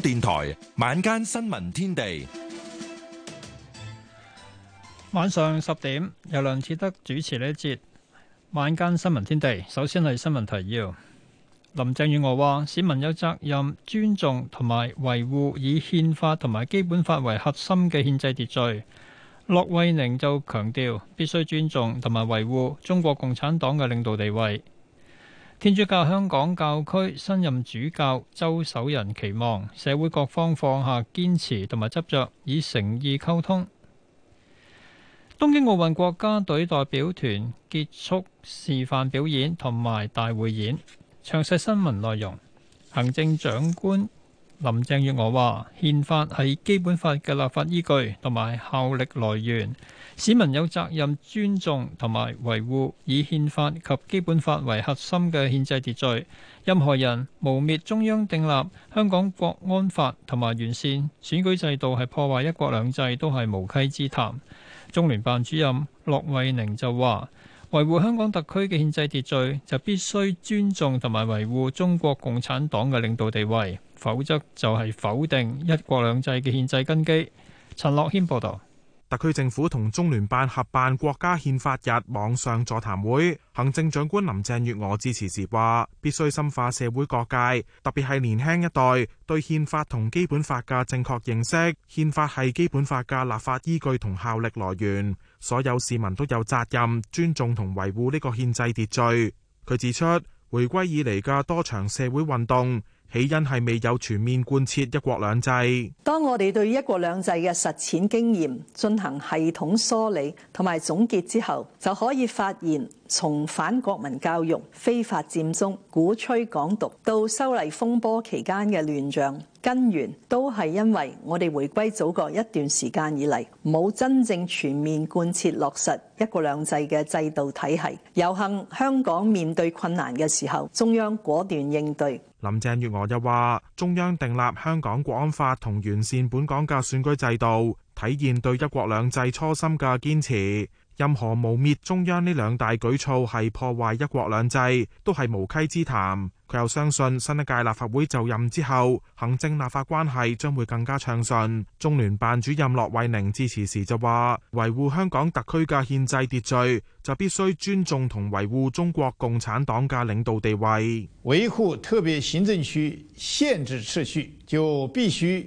電台晚間新聞天地，晚上十點由梁志德主持呢一節晚間新聞天地。首先係新聞提要，林鄭月娥話市民有責任尊重同埋維護以憲法同埋基本法為核心嘅憲制秩序。駱惠寧就強調必須尊重同埋維護中國共產黨嘅領導地位。天主教香港教區新任主教周守仁期望社會各方放下堅持同埋執着，以誠意溝通。東京奧運國家隊代表團結束示範表演同埋大會演。詳細新聞內容，行政長官，林鄭月娥話：憲法係基本法嘅立法依據同埋效力來源，市民有責任尊重同埋維護以憲法及基本法為核心嘅憲制秩序。任何人污蔑中央定立香港國安法同埋完善選舉制度係破壞一國兩制，都係無稽之談。中聯辦主任駱惠寧就話：維護香港特區嘅憲制秩序，就必須尊重同埋維護中國共產黨嘅領導地位，否則就係否定一國兩制嘅憲制根基。陳樂軒報導。特區政府同中聯辦合辦國家憲法日網上座談會，行政長官林鄭月娥致辭時話，必須深化社會各界，特別係年輕一代對憲法同基本法嘅正確認識。憲法係基本法嘅立法依據同效力來源，所有市民都有責任尊重同維護呢個憲制秩序。佢指出，回歸以嚟嘅多場社會運動。起因係未有全面貫徹一國兩制。當我哋對一國兩制嘅實踐經驗進行系統梳理同埋總結之後，就可以發現。從反國民教育、非法佔中、鼓吹港獨，到修例風波期間嘅亂象，根源都係因為我哋回歸祖國一段時間以嚟，冇真正全面貫徹落實一國兩制嘅制度體系。有幸香港面對困難嘅時候，中央果斷應對。林鄭月娥又話：中央訂立香港《國安法》同完善本港嘅選舉制度，體現對一國兩制初心嘅堅持。任何污衊中央呢兩大舉措係破壞一國兩制，都係無稽之談。佢又相信新一屆立法會就任之後，行政立法關係將會更加暢順。中聯辦主任駱惠寧致辭時就話：維護香港特區嘅憲制秩序，就必須尊重同維護中國共產黨嘅領導地位。維護特別行政區憲制秩序，就必須。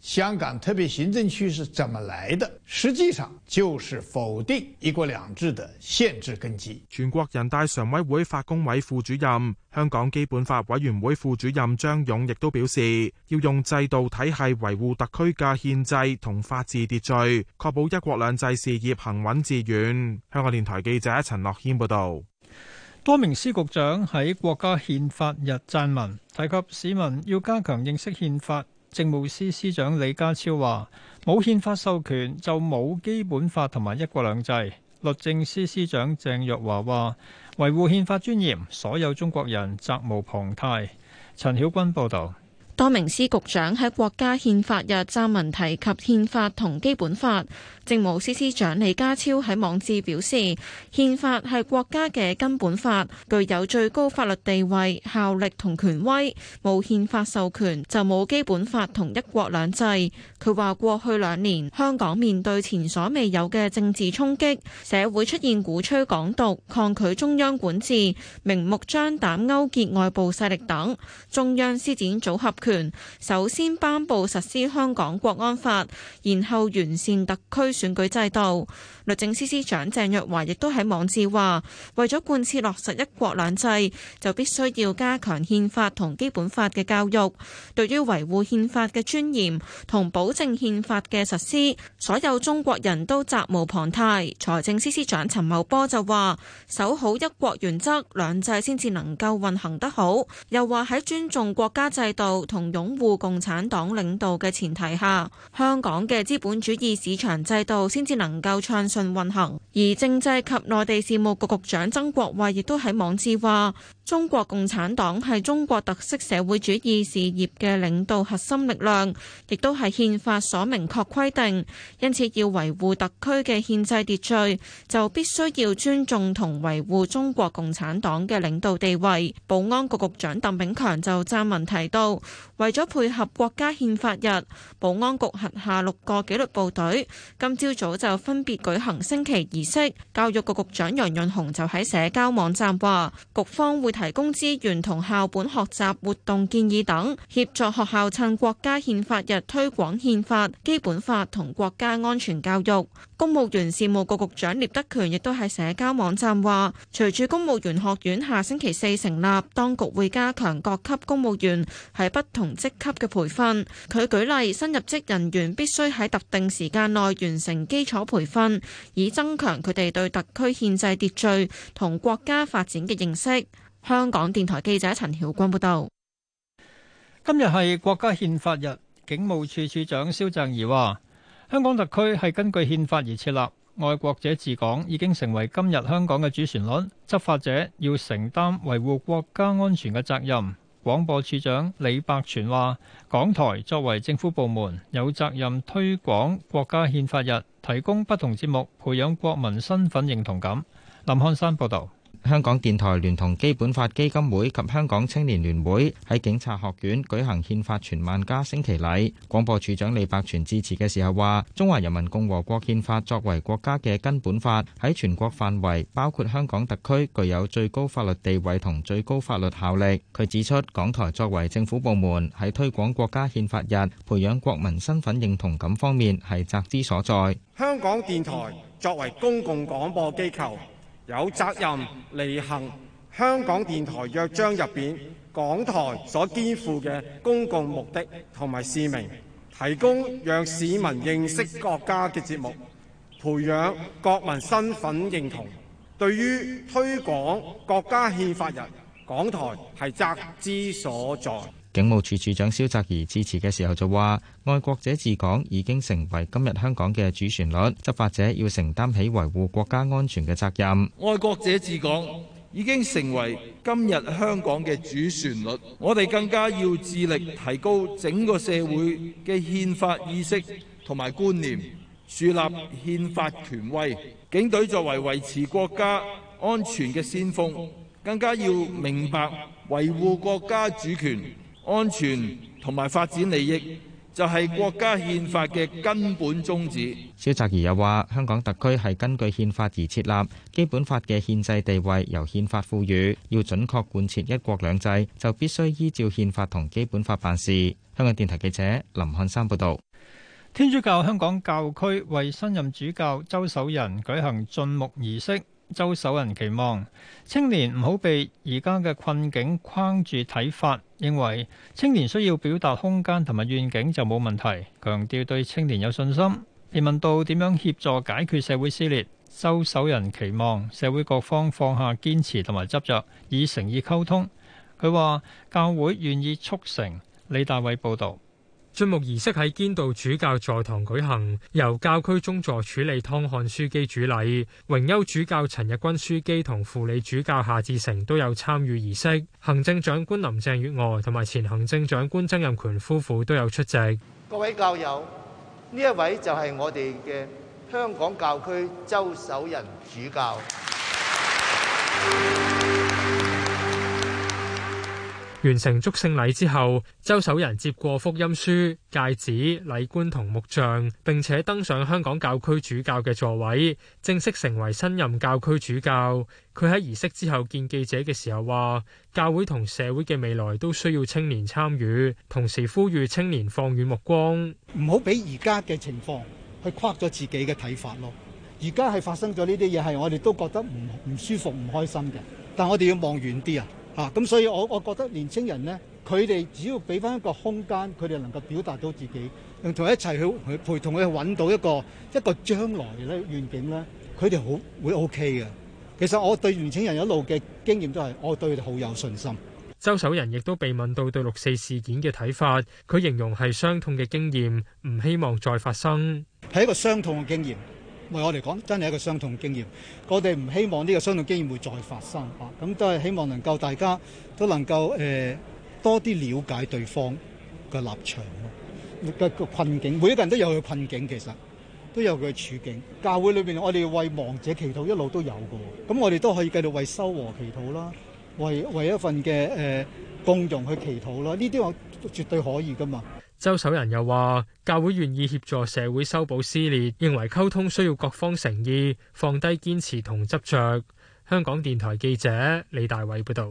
香港特別行政區是怎麼來的？實際上就是否定一國兩制的憲制根基。全國人大常委會法工委副主任、香港基本法委員會副主任張勇亦都表示，要用制度體系維護特區嘅憲制同法治秩序，確保一國兩制事業行穩致遠。香港電台記者陳樂謙報道。多名司局長喺國家憲法日撰文，提及市民要加強認識憲法。政務司司長李家超話：冇憲法授權就冇基本法同埋一國兩制。律政司司長鄭若驊話：維護憲法尊嚴，所有中國人責無旁貸。陳曉君報道。多名司局長喺國家憲法日撰文提及憲法同基本法。政務司司長李家超喺網誌表示：憲法係國家嘅根本法，具有最高法律地位、效力同權威。冇憲法授權就冇基本法同一國兩制。佢話：過去兩年香港面對前所未有嘅政治衝擊，社會出現鼓吹港獨、抗拒中央管治、明目張膽勾結外部勢力等。中央施展組合拳首先頒布實施香港國安法，然後完善特區選舉制度。律政司司長鄭若驊亦都喺網誌話，為咗貫徹落實一國兩制，就必須要加強憲法同基本法嘅教育。對於維護憲法嘅尊嚴同保證憲法嘅實施，所有中國人都責無旁貸。財政司司長陳茂波就話，守好一國原則，兩制先至能夠運行得好。又話喺尊重國家制度同同擁護共產黨領導嘅前提下，香港嘅資本主義市場制度先至能夠暢順運行。而政制及內地事務局局長曾國衛亦都喺網誌話，中國共產黨係中國特色社會主義事業嘅領導核心力量，亦都係憲法所明確規定。因此，要維護特區嘅憲制秩序，就必須要尊重同維護中國共產黨嘅領導地位。保安局局長鄧炳強就撰文提到。為咗配合國家憲法日，保安局轄下六個紀律部隊今朝早就分別舉行升旗儀式。教育局局長楊潤雄就喺社交網站話，局方會提供資源同校本學習活動建議等，協助學校趁國家憲法日推廣憲法、基本法同國家安全教育。公務員事務局局長聶德權亦都喺社交網站話：隨住公務員學院下星期四成立，當局會加強各級公務員喺不同職級嘅培訓。佢舉例，新入職人員必須喺特定時間內完成基礎培訓，以增強佢哋對特區憲制秩序同國家發展嘅認識。香港電台記者陳曉君報導。今日係國家憲法日，警務處處長蕭正儀話，香港特區係根據憲法而設立，愛國者治港已經成為今日香港嘅主旋律。執法者要承擔維護國家安全嘅責任。廣播處長李百全話：港台作為政府部門，有責任推廣國家憲法日，提供不同節目，培養國民身份認同感。林漢山報導。香港電台聯同基本法基金會及香港青年聯會喺警察學院舉行憲法全萬家升旗禮。廣播處長李百全致辭嘅時候話，中華人民共和國憲法作為國家嘅根本法，喺全國範圍，包括香港特區，具有最高法律地位同最高法律效力。佢指出，港台作為政府部門，喺推廣國家憲法日、培養國民身份認同感方面，係責之所在。香港電台作為公共廣播機構有責任履行香港電台約章入邊，港台所肩負嘅公共目的，同埋市民提供讓市民認識國家嘅節目，培養國民身份認同。對於推廣國家憲法日，港台係責之所在。警務處處長蕭澤頤致辭嘅時候就話，愛國者治港已經成為今日香港嘅主旋律，執法者要承擔起維護國家安全嘅責任。愛國者治港已經成為今日香港嘅主旋律，我哋更加要致力提高整個社會嘅憲法意識同埋觀念，樹立憲法權威。警隊作為維持國家安全嘅先鋒，更加要明白維護國家主權。安全同埋發展利益就係國家憲法嘅根本宗旨。蕭澤怡又話：香港特區係根據憲法而設立，基本法嘅憲制地位由憲法賦予，要準確貫徹一國兩制，就必須依照憲法同基本法辦事。香港電台記者林漢山報導。天主教香港教區為新任主教周守仁舉行晉牧儀式。周守仁期望青年唔好被而家嘅困境框住睇法，認為青年需要表達空間同埋願景就冇問題，強調對青年有信心。便問到點樣協助解決社會撕裂？周守仁期望社會各方放下堅持同埋執着，以誠意溝通。佢話教會願意促成。李大偉報道。晉牧儀式喺堅道主教座堂舉行，由教區宗座署理湯漢樞機主禮，榮休主教陳日君樞機同輔理主教夏志誠都有參與儀式。行政長官林鄭月娥同埋前行政長官曾蔭權夫婦都有出席。各位教友，呢一位就係我哋嘅香港教區周守仁主教。完成祝聖禮之後，周守仁接過福音書、戒指、禮冠同牧杖，並且登上香港教區主教嘅座位，正式成為新任教區主教。佢喺儀式之後見記者嘅時候話：教會同社會嘅未來都需要青年參與，同時呼籲青年放遠目光，唔好俾而家嘅情況去框咗自己嘅睇法咯。而家係發生咗呢啲嘢，係我哋都覺得唔唔舒服、唔開心嘅，但我哋要望遠啲啊！啊！咁所以，我我覺得年青人咧，佢哋只要俾翻一個空間，佢哋能夠表達到自己，同一齊去去陪同佢揾到一個一個將來嘅願景咧，佢哋好會 OK 嘅。其實我對年青人一路嘅經驗都係，我對佢哋好有信心。周守仁亦都被問到對六四事件嘅睇法，佢形容係傷痛嘅經驗，唔希望再發生，係一個傷痛嘅經驗。為我哋講，真係一個相同經驗。我哋唔希望呢個相同經驗會再發生。咁、啊、都係希望能夠大家都能夠誒、呃、多啲了解對方嘅立場，嘅、啊、個、啊、困境。每一個人都有佢嘅困境，其實都有佢嘅處境。教會裏邊，我哋為亡者祈禱一路都有嘅。咁我哋都可以繼續為修和祈禱啦、啊，為為一份嘅誒、呃、共融去祈禱啦。呢啲我絕對可以㗎嘛。周守仁又話：教會願意協助社會修補撕裂，認為溝通需要各方誠意，放低堅持同執着。香港電台記者李大偉報導。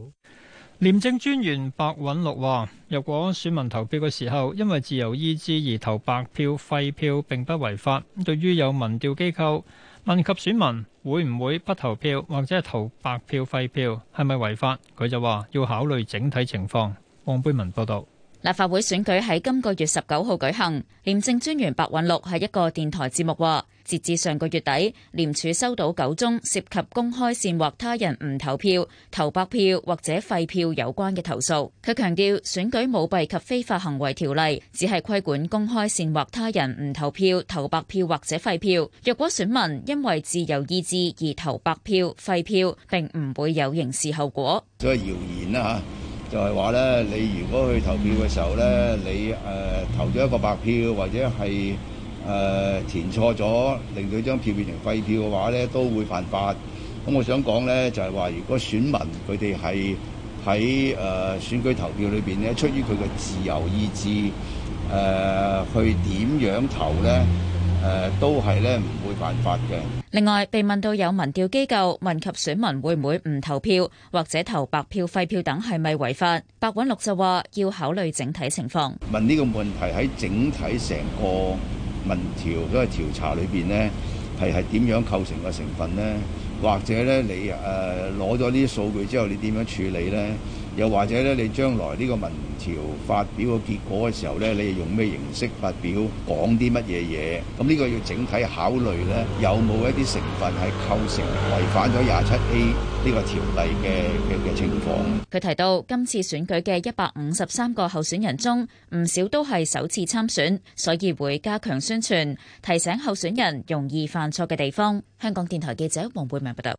廉政專員白韞六話：若果選民投票嘅時候因為自由意志而投白票廢票，並不違法。對於有民調機構問及選民會唔會不投票或者係投白票廢票係咪違法，佢就話要考慮整體情況。王貝文報導。立法會選舉喺今個月十九號舉行，廉政專員白韞六喺一個電台節目話，截至上個月底，廉署收到九宗涉及公開煽惑他人唔投票、投白票或者廢票有關嘅投訴。佢強調，選舉舞弊及非法行為條例只係規管公開煽惑他人唔投票、投白票或者廢票。若果選民因為自由意志而投白票、廢票，並唔會有刑事後果。謠言、啊就係話咧，你如果去投票嘅時候咧，你誒、呃、投咗一個白票，或者係誒、呃、填錯咗，令到張票變成廢票嘅話咧，都會犯法。咁我想講咧，就係話，如果選民佢哋係喺誒選舉投票裏邊咧，出於佢嘅自由意志誒、呃、去點樣投咧？誒，都係咧，唔會犯法嘅。另外，被問到有民調機構問及選民會唔會唔投票或者投白票、廢票等係咪違法，白韞六就話要考慮整體情況。問呢個問題喺整體成個民調嘅調查裏邊呢，係係點樣構成個成分呢？或者咧，你誒攞咗呢啲數據之後，你點樣處理呢？又或者咧，你將來呢個民調發表嘅結果嘅時候咧，你係用咩形式發表，講啲乜嘢嘢？咁、這、呢個要整體考慮呢有冇一啲成分係構成違反咗廿七 A 呢個條例嘅嘅嘅情況？佢提到今次選舉嘅一百五十三個候選人中，唔少都係首次參選，所以會加強宣傳，提醒候選人容易犯錯嘅地方。香港電台記者黃貝明報道。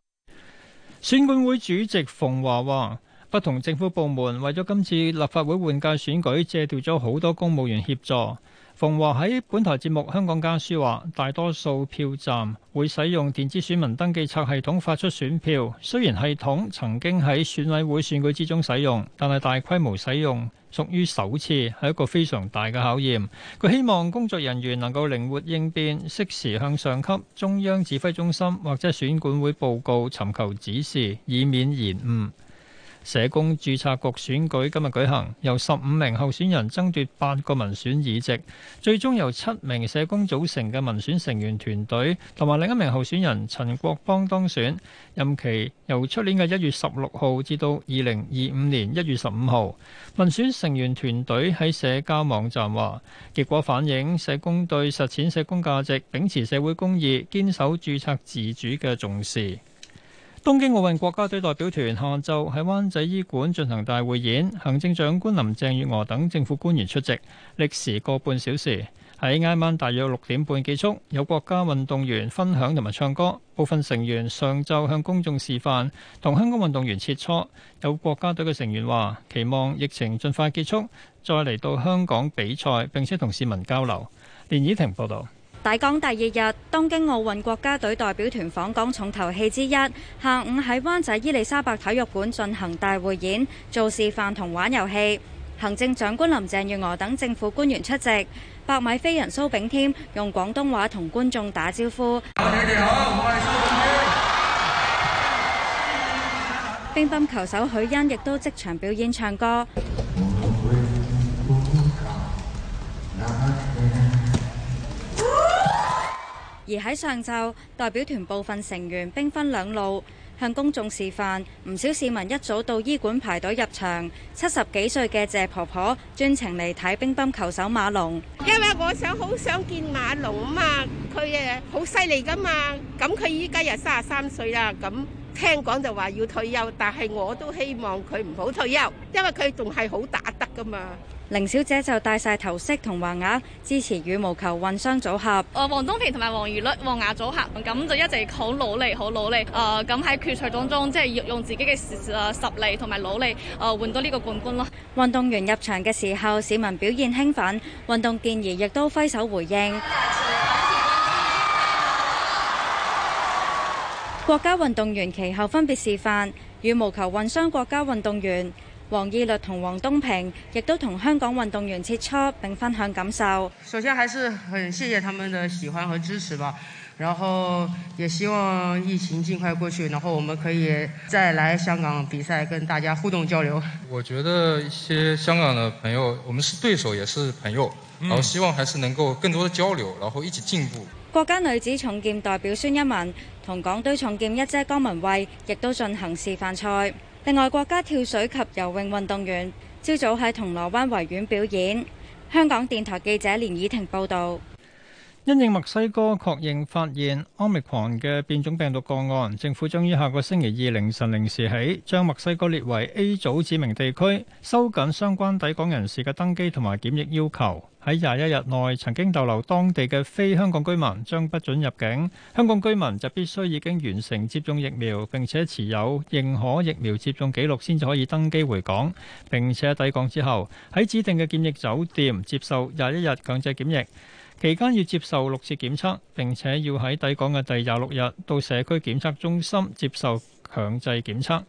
選管會主席馮華話。不同政府部門為咗今次立法會換屆選舉，借調咗好多公務員協助。馮驊喺本台節目《香港家書》話：大多數票站會使用電子選民登記冊系統發出選票，雖然系統曾經喺選委會選舉之中使用，但係大規模使用屬於首次，係一個非常大嘅考驗。佢希望工作人員能夠靈活應變，適時向上級、中央指揮中心或者選管會報告，尋求指示，以免延誤。社工註冊局選舉今日舉行，由十五名候選人爭奪八個民選議席，最終由七名社工組成嘅民選成員團隊同埋另一名候選人陳國邦當選，任期由出年嘅一月十六號至到二零二五年一月十五號。民選成員團隊喺社交網站話，結果反映社工對實踐社工價值、秉持社會公義、堅守註冊自主嘅重視。東京奧運國家隊代表團下晝喺灣仔醫館進行大會演，行政長官林鄭月娥等政府官員出席，歷時個半小時。喺挨晚大約六點半結束，有國家運動員分享同埋唱歌。部分成員上晝向公眾示範，同香港運動員切磋。有國家隊嘅成員話，期望疫情盡快結束，再嚟到香港比賽，並且同市民交流。連以婷報道。抵港第二日，東京奧運國家隊代表團訪港重頭戲之一，下午喺灣仔伊利沙伯體育館進行大會演，做示範同玩遊戲。行政長官林鄭月娥等政府官員出席。百米飛人蘇炳添用廣東話同觀眾打招呼：你好，我係蘇炳添。 乒乓球手許昕亦都即場表演唱歌。而喺上晝，代表團部分成員兵分兩路，向公眾示範。唔少市民一早到醫館排隊入場。七十幾歲嘅謝婆婆專程嚟睇乒乓球手馬龍，因為我想好想見馬龍吖嘛，佢誒好犀利㗎嘛。咁佢依家又三十三歲啦，咁聽講就話要退休，但係我都希望佢唔好退休，因為佢仲係好打得㗎嘛。凌小姐就戴晒頭飾同橫額，支持羽毛球混雙組合。哦，黃東萍同埋王懿律王雅組合，咁就一直好努力，好努力。誒，咁喺決賽當中，中，即、就、係、是、用自己嘅誒實力同埋努力，誒換到呢個冠軍咯。運動員入場嘅時候，市民表現興奮，運動健兒亦都揮手回應。 國家運動員其後分別示範羽毛球混雙國家運動員。王義律同黃東平亦都同香港運動員切磋，並分享感受。首先還是很謝謝他們的喜歡和支持吧，然後也希望疫情盡快過去，然後我們可以再來香港比賽跟大家互動交流。我覺得一些香港的朋友，我們是對手也是朋友，嗯、然後希望還是能夠更多的交流，然後一起進步。國家女子重劍代表孫一文同港隊重劍一姐江文慧亦都進行示範賽。另外，國家跳水及游泳運動員朝早喺銅鑼灣維園表演。香港電台記者連以婷報道。因應墨西哥確認發現奧密克戎嘅變種病毒個案，政府將於下個星期二凌晨零時起，將墨西哥列為 A 組指明地區，收緊相關抵港人士嘅登機同埋檢疫要求。喺廿一日內曾經逗留當地嘅非香港居民將不准入境；香港居民就必須已經完成接種疫苗並且持有認可疫苗接種記錄，先至可以登機回港。並且抵港之後，喺指定嘅檢疫酒店接受廿一日強制檢疫。期間要接受六次檢測，並且要喺抵港嘅第廿六日到社區檢測中心接受強制檢測。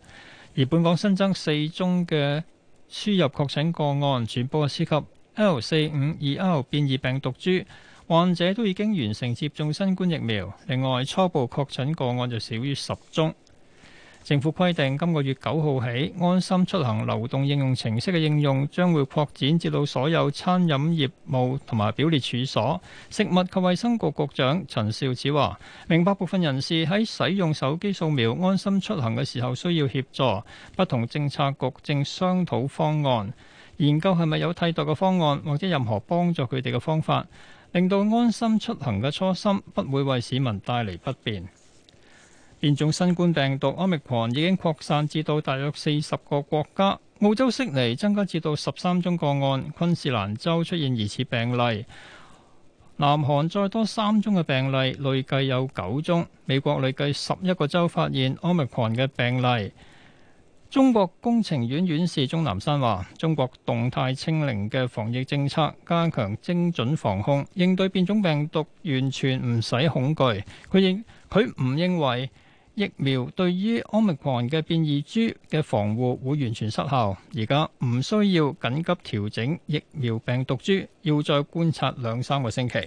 而本港新增四宗嘅輸入確診個案，傳播嘅涉及 L 四五二 R 變異病毒株，患者都已經完成接種新冠疫苗。另外，初步確診個案就少於十宗。政府規定今個月九號起，安心出行流動應用程式嘅應用將會擴展至到所有餐飲業務同埋表列處所。食物及衛生局局長陳肇始話：明白部分人士喺使用手機掃描安心出行嘅時候需要協助，不同政策局正商討方案，研究係咪有替代嘅方案或者任何幫助佢哋嘅方法，令到安心出行嘅初心不會為市民帶嚟不便。變種新冠病毒奧密克戎已經擴散至到大約四十個國家，澳洲悉尼增加至到十三宗個案，昆士蘭州出現疑似病例，南韓再多三宗嘅病例，累計有九宗。美國累計十一個州發現奧密克戎嘅病例。中國工程院院士鍾南山話：中國動態清零嘅防疫政策，加強精準防控，應對變種病毒完全唔使恐懼。佢認佢唔認為，疫苗對於 Omicron 嘅變異株嘅防護會完全失效，而家唔需要緊急調整疫苗病毒株，要再觀察兩三個星期。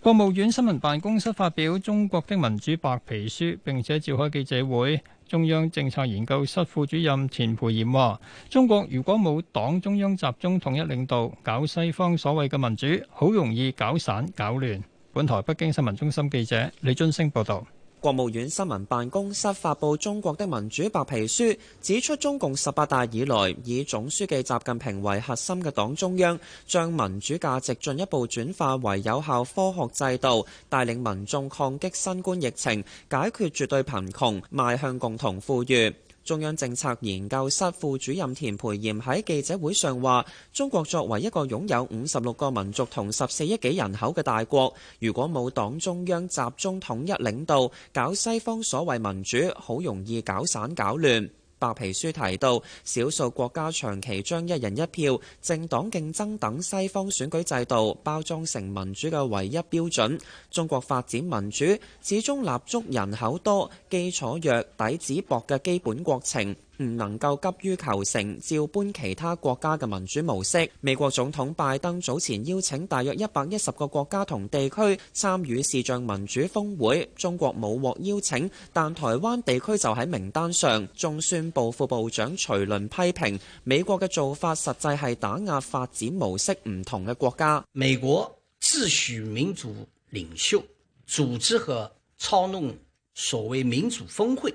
國務院新聞辦公室發表《中國的民主白皮書》，並且召開記者會。中央政策研究室副主任田培炎話：中國如果冇黨中央集中統一領導，搞西方所謂嘅民主，好容易搞散搞亂。本台北京新聞中心記者李津升報導。國務院新聞辦公室發布《中國的民主白皮書》，指出中共十八大以來，以總書記習近平為核心嘅黨中央，將民主價值進一步轉化為有效科學制度，帶領民眾抗擊新冠疫情，解決絕對貧窮，邁向共同富裕。中央政策研究室副主任田培炎喺記者會上話，中國作為一個擁有五十六個民族同十四億幾人口嘅大國，如果冇黨中央集中統一領導，搞西方所謂民主，好容易搞散搞亂。白皮書提到，少數國家長期將一人一票、政黨競爭等西方選舉制度包裝成民主嘅唯一標準。中國發展民主，始終立足人口多、基礎弱、底子薄嘅基本國情。唔能夠急於求成，照搬其他國家嘅民主模式。美國總統拜登早前邀請大約一百一十個國家同地區參與視像民主峰會，中國冇獲邀請，但台灣地區就喺名單上。中宣部副部長徐麟批評美國嘅做法，實際係打壓發展模式唔同嘅國家。美國自詡民主領袖，組織和操弄所謂民主峰會。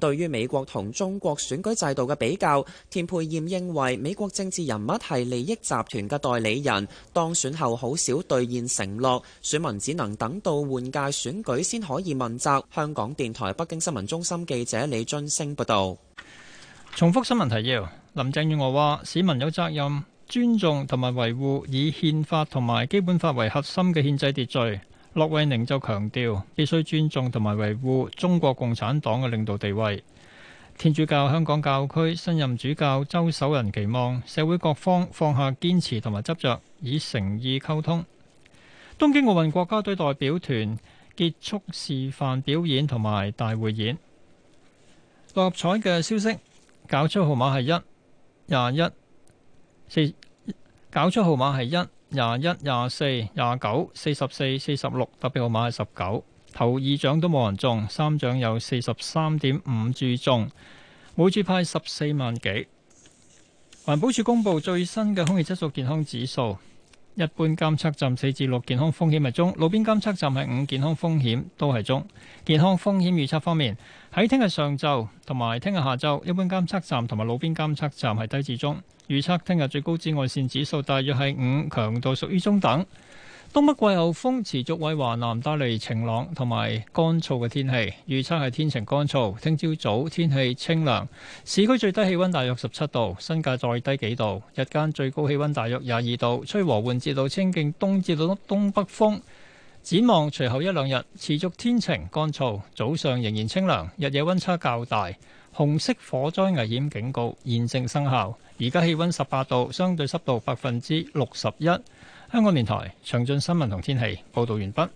對於美國同中國選舉制度嘅比較，田培艷認為美國政治人物係利益集團嘅代理人，當選後好少兌現承諾，選民只能等到換屆選舉先可以問責。香港電台北京新聞中心記者李津星報道。重複新聞提要：林鄭月娥話，市民有責任尊重同埋維護以憲法同埋基本法為核心嘅憲制秩序。駱惠寧就強調，必須尊重同埋維護中國共產黨嘅領導地位。天主教香港教區新任主教周守仁期望社會各方放下堅持同埋執着，以誠意溝通。東京奧運國家隊代表團結束示範表演同埋大會演。六合彩嘅消息，搞出號碼係一廿一四，搞出號碼係一。廿一、廿四、廿九、四十四、四十六，特別號碼係十九。頭二獎都冇人中，三獎有四十三點五注中，每注派十四萬幾。環保署公布最新嘅空氣質素健康指數。一般監測站四至六，健康風險係中，路邊監測站係五，健康風險都係中。健康風險預測方面，喺聽日上晝同埋聽日下晝，一般監測站同埋路邊監測站係低至中。預測聽日最高紫外線指數大約係五，強度屬於中等。東北季候風持續為華南帶嚟晴朗同埋乾燥嘅天氣，預測係天晴乾燥，聽朝早，早天氣清涼，市區最低氣溫大約十七度，新界再低幾度，日間最高氣溫大約廿二度，吹和緩至到清勁東至到東北風，展望隨後一兩日持續天晴乾燥，早上仍然清涼，日夜溫差較大，紅色火災危險警告現正生效，而家氣溫十八度，相對濕度百分之六十一。香港電台詳盡新聞同天氣報道完畢。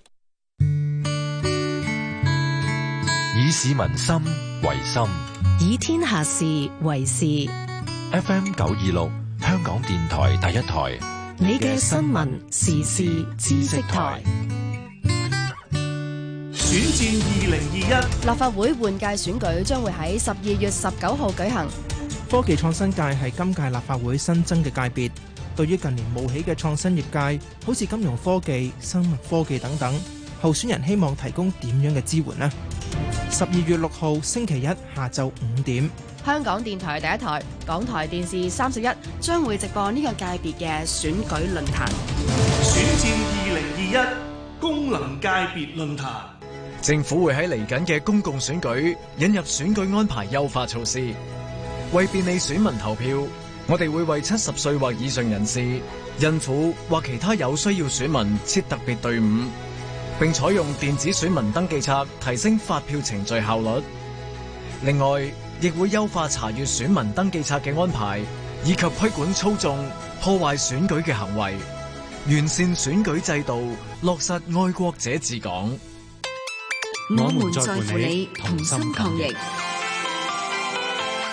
以市民心為心，以天下事為事。FM 九二六，香港電台第一台，你嘅新聞時事知識台。選戰二零二一，立法會換屆選舉將會喺十二月十九號舉行。科技創新界係今屆立法會新增嘅界別。對於近年冒起嘅創新業界，好似金融科技、生物科技等等，候選人希望提供點樣嘅支援呢？十二月六號星期一下晝五點，香港電台第一台、港台電視三十一將會直播呢個界別嘅選舉論壇。選戰二零二一功能界別論壇，政府會喺嚟緊嘅公共選舉引入選舉安排優化措施，為便利選民投票，我哋會為七十歲或以上人士、孕婦或其他有需要選民設特別隊伍，並採用電子選民登記冊，提升發票程序效率。另外，亦會優化查閱選民登記冊嘅安排，以及規管操縱、破壞選舉嘅行為，完善選舉制度，落實愛國者治港。我們在乎你，同心抗疫。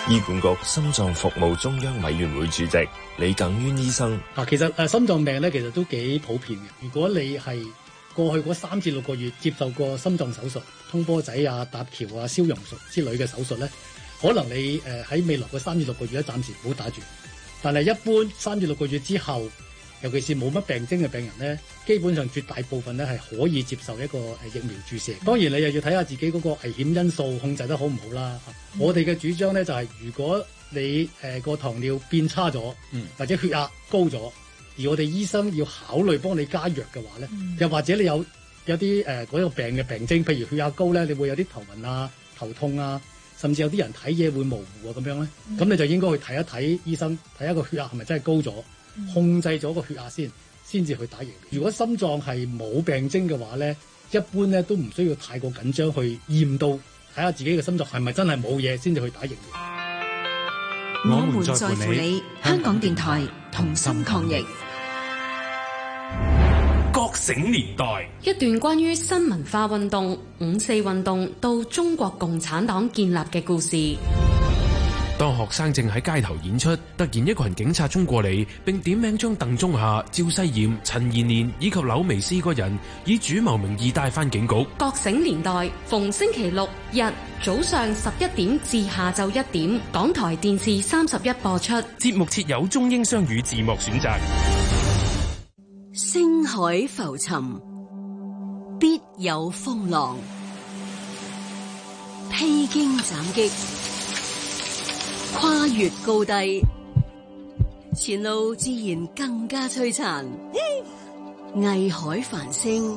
醫管局心臟服務中央委員會主席李耿淵醫生。嗱，其實誒心臟病咧，其實都幾普遍嘅。如果你係過去嗰三至六個月接受過心臟手術，通波仔啊、搭橋啊、消融術之類嘅手術咧，可能你誒喺未來嗰三至六個月咧暫時唔好打住，但係一般三至六個月之後。尤其是冇乜病徵嘅病人咧，基本上絕大部分咧係可以接受一個誒疫苗注射。嗯、當然你又要睇下自己嗰個危險因素控制得好唔好啦。嗯、我哋嘅主張咧就係、是，如果你誒個糖尿變差咗，嗯，或者血壓高咗，而我哋醫生要考慮幫你加藥嘅話咧，嗯、又或者你有有啲誒嗰個病嘅病徵，譬如血壓高咧，你會有啲頭暈啊、頭痛啊，甚至有啲人睇嘢會模糊咁、啊、樣咧，咁、嗯、你就應該去睇一睇醫生，睇一個血壓係咪真係高咗。控制咗個血壓先，先至去打疫苗。如果心臟係冇病徵嘅話咧，一般咧都唔需要太過緊張去驗到，睇下自己嘅心臟係咪真係冇嘢先至去打疫苗。我們在乎你，香港電台同心抗疫。覺醒年代，一段關於新文化運動、五四運動到中國共產黨建立嘅故事。當學生正喺街頭演出，突然一群警察沖過嚟，並點名將鄧中夏、趙西炎、陳延年以及柳眉斯個人以主謀名義帶返警局。覺醒年代逢星期六日早上十一點至下晝一點，港台電視三十一播出。節目設有中英雙語字幕選擇。星海浮沉，必有風浪；披荊斬棘，跨越高低，前路自然更加璀璨，藝 海繁星。